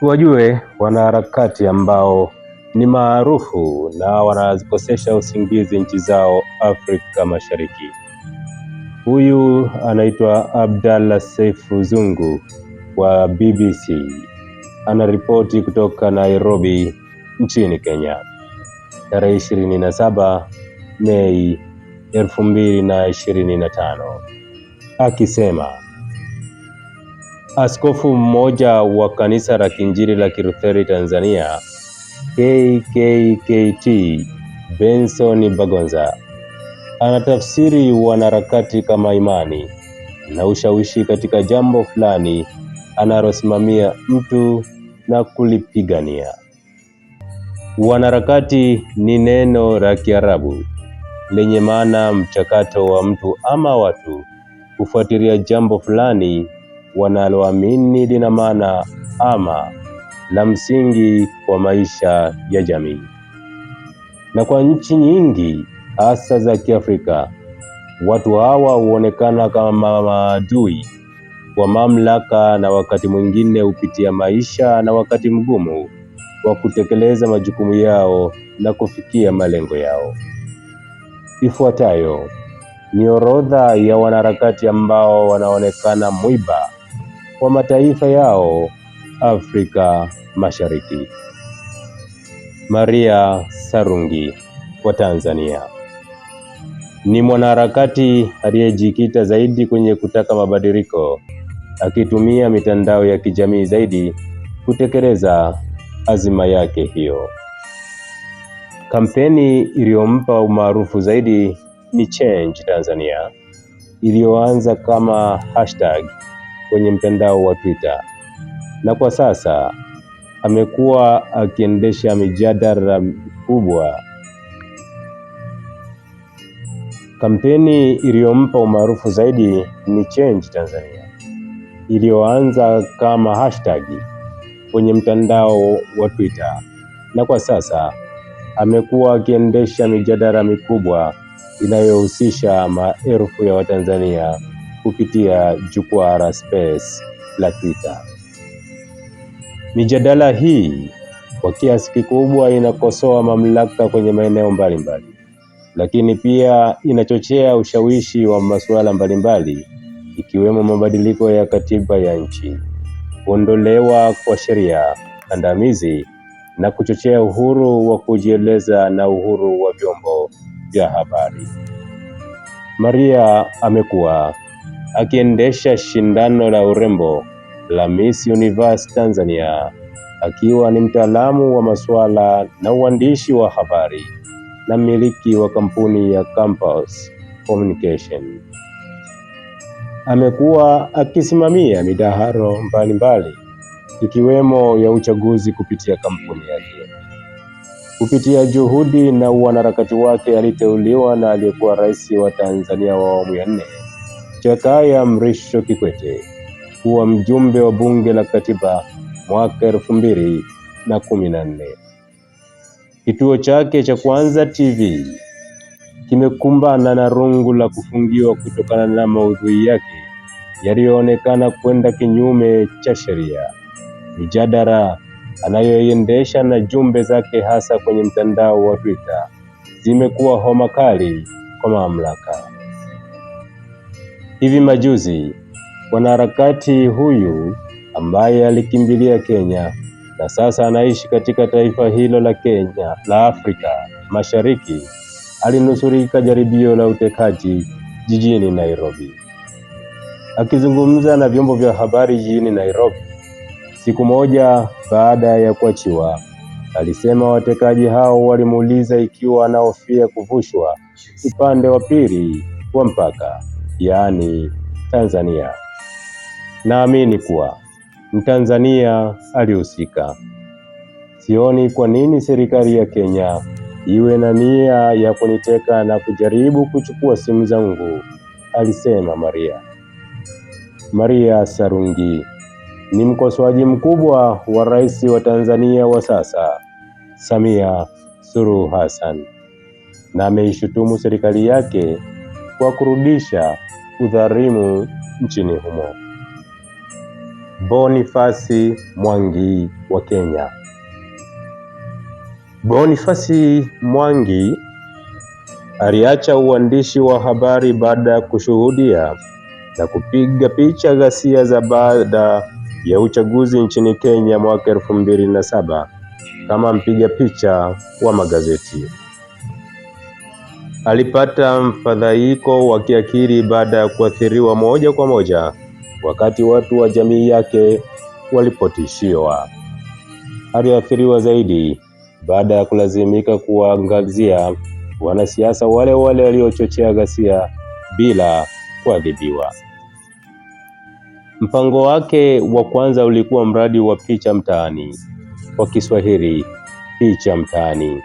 tuwajue wanaharakati ambao ni maarufu na wanazikosesha usingizi nchi zao Afrika Mashariki. Huyu anaitwa Abdallah Seifu Zungu wa BBC, anaripoti kutoka Nairobi nchini Kenya, tarehe 27 Mei 2025 akisema Askofu mmoja wa Kanisa la Kinjili la Kilutheri Tanzania KKKT Benson Bagonza anatafsiri wanaharakati kama imani na ushawishi katika jambo fulani analosimamia mtu na kulipigania. Wanaharakati ni neno la Kiarabu lenye maana mchakato wa mtu ama watu kufuatilia jambo fulani wanaloamini lina maana ama la msingi kwa maisha ya jamii. Na kwa nchi nyingi hasa za Kiafrika, watu hawa huonekana kama maadui wa mamlaka na wakati mwingine hupitia maisha na wakati mgumu wa kutekeleza majukumu yao na kufikia malengo yao. Ifuatayo ni orodha ya wanaharakati ambao wanaonekana mwiba wa mataifa yao Afrika Mashariki. Maria Sarungi wa Tanzania ni mwanaharakati aliyejikita zaidi kwenye kutaka mabadiliko akitumia mitandao ya kijamii zaidi kutekeleza azima yake hiyo. Kampeni iliyompa umaarufu zaidi ni Change Tanzania iliyoanza kama hashtag kwenye mtandao wa Twitter, na kwa sasa amekuwa akiendesha mijadala mikubwa. Kampeni iliyompa umaarufu zaidi ni Change Tanzania iliyoanza kama hashtag kwenye mtandao wa Twitter, na kwa sasa amekuwa akiendesha mijadala mikubwa inayohusisha maelfu ya Watanzania kupitia jukwaa la Space la Twitter. Mijadala hii kwa kiasi kikubwa inakosoa mamlaka kwenye maeneo mbalimbali, lakini pia inachochea ushawishi wa masuala mbalimbali ikiwemo mabadiliko ya katiba ya nchi, kuondolewa kwa sheria kandamizi na kuchochea uhuru wa kujieleza na uhuru wa vyombo vya habari. Maria amekuwa akiendesha shindano la urembo la Miss Universe Tanzania akiwa ni mtaalamu wa masuala na uandishi wa habari na mmiliki wa kampuni ya Campus Communication. Amekuwa akisimamia midaharo mbalimbali ikiwemo ya uchaguzi kupitia kampuni yake. Kupitia juhudi na uanaharakati wake, aliteuliwa na aliyekuwa rais wa Tanzania wa awamu ya nne Jakaya Mrisho Kikwete kuwa mjumbe wa Bunge la Katiba mwaka elfu mbili na kumi na nne. Kituo chake cha Kwanza TV kimekumbana na rungu la kufungiwa kutokana na maudhui yake yaliyoonekana kwenda kinyume cha sheria, mijadala anayoiendesha na jumbe zake hasa kwenye mtandao wa Twitter zimekuwa homa kali kwa mamlaka. Hivi majuzi mwanaharakati huyu ambaye alikimbilia Kenya na sasa anaishi katika taifa hilo la Kenya la Afrika Mashariki alinusurika jaribio la utekaji jijini Nairobi. Akizungumza na vyombo vya habari jijini Nairobi siku moja baada ya kuachiwa, alisema watekaji hao walimuuliza ikiwa anahofia kuvushwa upande wa pili wa mpaka yaani Tanzania. Naamini kuwa Mtanzania alihusika. Sioni kwa nini serikali ya Kenya iwe na nia ya kuniteka na kujaribu kuchukua simu zangu, alisema Maria. Maria Sarungi ni mkosoaji mkubwa wa rais wa Tanzania wa sasa Samia Suluhu Hassan na ameishutumu serikali yake kwa kurudisha udhalimu nchini humo. Bonifasi Mwangi wa Kenya. Bonifasi Mwangi aliacha uandishi wa habari baada ya kushuhudia na kupiga picha ghasia za baada ya uchaguzi nchini Kenya mwaka elfu mbili na saba kama mpiga picha wa magazeti alipata mfadhaiko wa kiakili baada ya kuathiriwa moja kwa moja wakati watu wa jamii yake walipotishiwa. Aliathiriwa zaidi baada ya kulazimika kuwaangazia wanasiasa wale wale waliochochea ghasia bila kuadhibiwa. Mpango wake wa kwanza ulikuwa mradi wa picha mtaani, kwa Kiswahili picha mtaani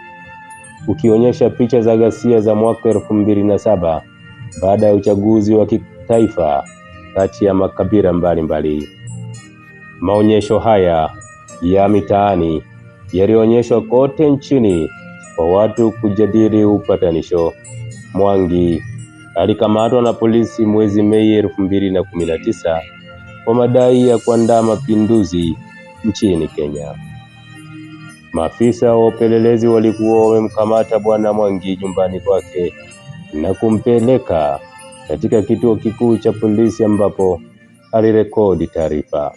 ukionyesha picha za ghasia za mwaka elfu mbili na saba baada ya uchaguzi wa kitaifa kati ya makabila mbalimbali. Maonyesho haya ya mitaani yalionyeshwa kote nchini kwa watu kujadili upatanisho. Mwangi alikamatwa na polisi mwezi Mei elfu mbili na kumi na tisa kwa madai ya kuandaa mapinduzi nchini Kenya. Maafisa wa upelelezi walikuwa wamemkamata Bwana Mwangi nyumbani kwake na kumpeleka katika kituo kikuu cha polisi ambapo alirekodi taarifa.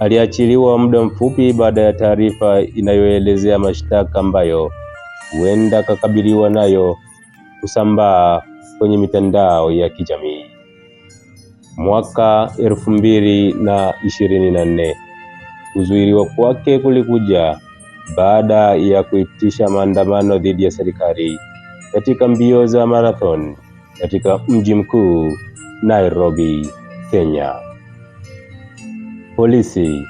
Aliachiliwa muda mfupi baada ya taarifa inayoelezea mashtaka ambayo huenda akakabiliwa nayo kusambaa kwenye mitandao ya kijamii. Mwaka elfu mbili na ishirini na nne Kuzuiliwa kwake kulikuja baada ya kuitisha maandamano dhidi ya serikali katika mbio za marathon katika mji mkuu Nairobi, Kenya. Polisi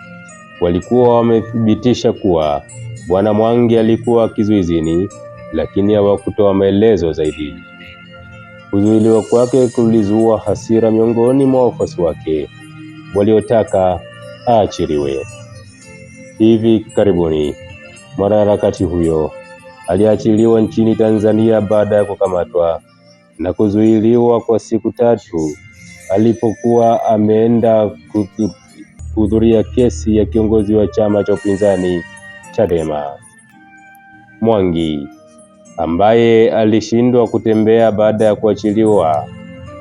walikuwa wamethibitisha kuwa Bwana Mwangi alikuwa kizuizini, lakini hawakutoa maelezo zaidi. Kuzuiliwa kwake kulizua hasira miongoni mwa wafuasi wake waliotaka aachiriwe hivi karibuni. Mwanaharakati huyo aliachiliwa nchini Tanzania baada ya kukamatwa na kuzuiliwa kwa siku tatu alipokuwa ameenda kuhudhuria kesi ya kiongozi wa chama cha upinzani Chadema Mwangi ambaye alishindwa kutembea baada ya kuachiliwa.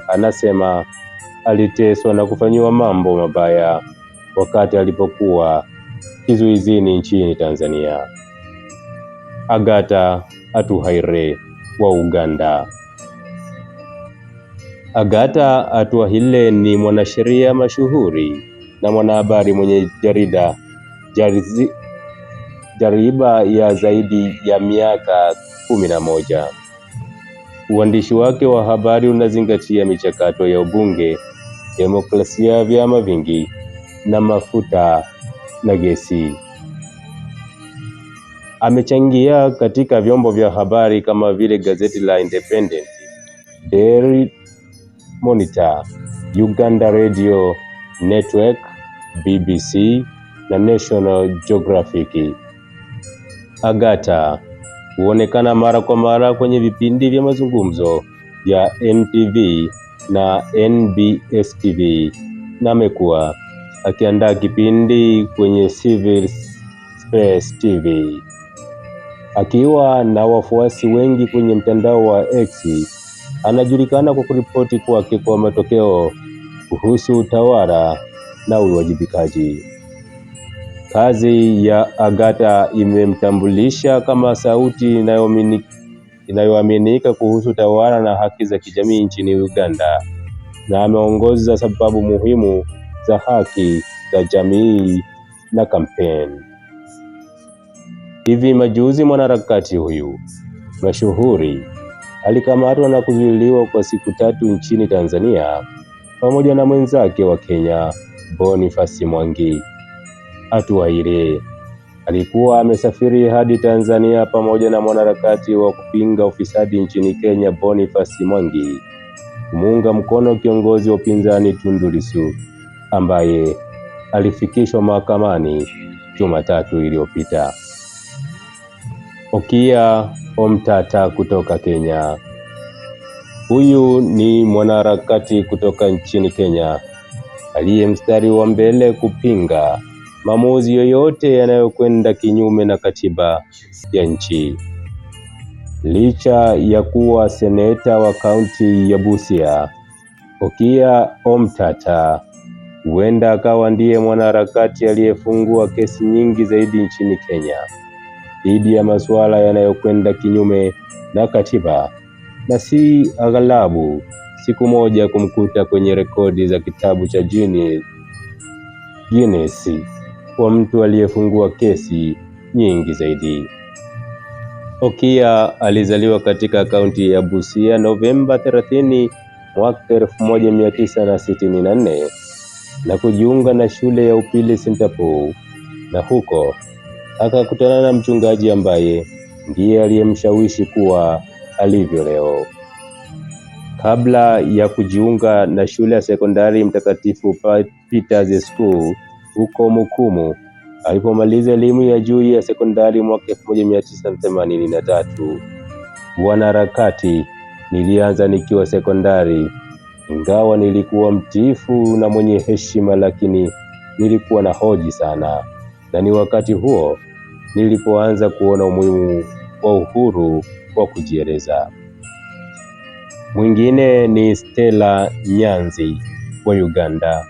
Anasema aliteswa na kufanyiwa mambo mabaya wakati alipokuwa kizuizini nchini Tanzania. Agata Atuhaire wa Uganda. Agata Atuhaire ni mwanasheria mashuhuri na mwanahabari mwenye jarida jarizi, jariba ya zaidi ya miaka kumi na moja. Uandishi wake wa habari unazingatia michakato ya ubunge, demokrasia ya vyama vingi na mafuta na gesi. Amechangia katika vyombo vya habari kama vile gazeti la Independent, Daily Monitor, Uganda Radio Network, BBC na National Geographic. Agata huonekana mara kwa mara kwenye vipindi vya mazungumzo vya NTV na NBS TV na amekuwa akiandaa kipindi kwenye Civil Space TV akiwa na wafuasi wengi kwenye mtandao wa X. Anajulikana kwa kuripoti kwake kwa matokeo kuhusu utawala na uwajibikaji. Kazi ya Agata imemtambulisha kama sauti inayoaminika kuhusu utawala na haki za kijamii nchini Uganda, na ameongoza sababu muhimu za haki za jamii na kampeni. Hivi majuzi mwanaharakati huyu mashuhuri alikamatwa na kuzuiliwa kwa siku tatu nchini Tanzania pamoja na mwenzake wa Kenya Boniface Mwangi. Hatua ile alikuwa amesafiri hadi Tanzania pamoja na mwanaharakati wa kupinga ufisadi nchini Kenya Boniface Mwangi kumuunga mkono kiongozi wa upinzani Tundu Lissu ambaye alifikishwa mahakamani Jumatatu iliyopita. okia Omtata kutoka Kenya. Huyu ni mwanaharakati kutoka nchini Kenya aliye mstari wa mbele kupinga maamuzi yoyote yanayokwenda kinyume na katiba ya nchi. Licha ya kuwa seneta wa kaunti ya Busia, Okia Omtata huenda akawa ndiye mwanaharakati aliyefungua kesi nyingi zaidi nchini Kenya dhidi ya masuala yanayokwenda kinyume na katiba, na si aghalabu siku moja kumkuta kwenye rekodi za kitabu cha Guinness kwa mtu aliyefungua kesi nyingi zaidi. okia alizaliwa katika kaunti ya Busia Novemba 30 mwaka 1964 na kujiunga na shule ya upili Sintapuu, na huko akakutana na mchungaji ambaye ndiye aliyemshawishi kuwa alivyo leo. Kabla ya kujiunga na shule ya sekondari Mtakatifu Peter's School huko Mukumu, alipomaliza elimu ya juu ya sekondari mwaka 1983, wanaharakati nilianza nikiwa sekondari ingawa nilikuwa mtiifu na mwenye heshima, lakini nilikuwa na hoji sana, na ni wakati huo nilipoanza kuona umuhimu wa uhuru wa kujieleza. Mwingine ni Stella Nyanzi wa Uganda.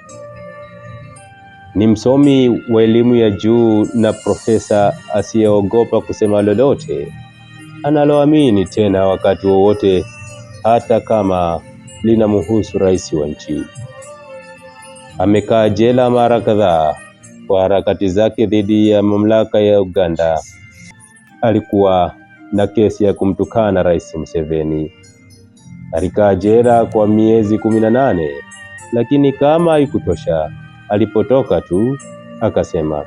Ni msomi wa elimu ya juu na profesa asiyeogopa kusema lolote analoamini tena wakati wowote, hata kama linamhusu rais wa nchi. Amekaa jela mara kadhaa kwa harakati zake dhidi ya mamlaka ya Uganda. Alikuwa na kesi ya kumtukana Rais Museveni. Alikaa jela kwa miezi kumi na nane, lakini kama haikutosha, alipotoka tu akasema,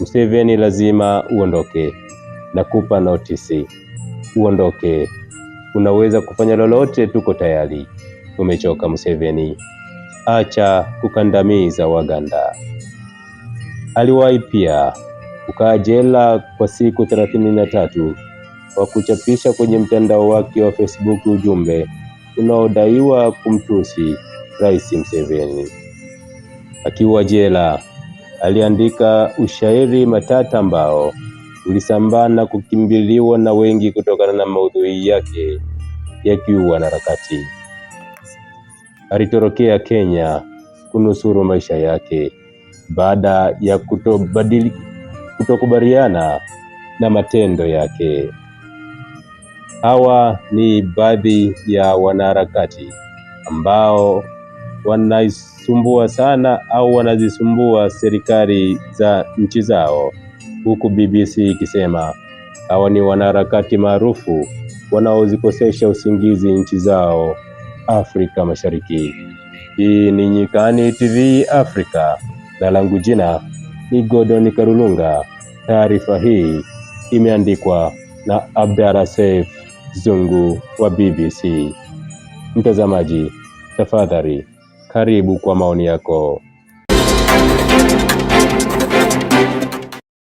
Museveni lazima uondoke, nakupa notisi, uondoke unaweza kufanya lolote, tuko tayari. Tumechoka Museveni, acha kukandamiza Waganda. Aliwahi pia kukaa jela kwa siku thelathini na tatu kwa kuchapisha kwenye mtandao wake wa Facebook ujumbe unaodaiwa kumtusi Rais Museveni. Akiwa jela aliandika ushairi matata ambao ulisambaa na kukimbiliwa na wengi kutokana na maudhui yake ya kiuanaharakati. Alitorokea Kenya kunusuru maisha yake baada ya kutobadili kutokubaliana na matendo yake. Hawa ni baadhi ya wanaharakati ambao wanaisumbua sana au wanazisumbua serikali za nchi zao huku BBC ikisema hawa ni wanaharakati maarufu wanaozikosesha usingizi nchi zao Afrika Mashariki. Hii ni Nyikani TV Afrika na langu jina ni Gordon Karulunga. Taarifa hii imeandikwa na Abdara Saif Zungu wa BBC. Mtazamaji, tafadhali karibu kwa maoni yako.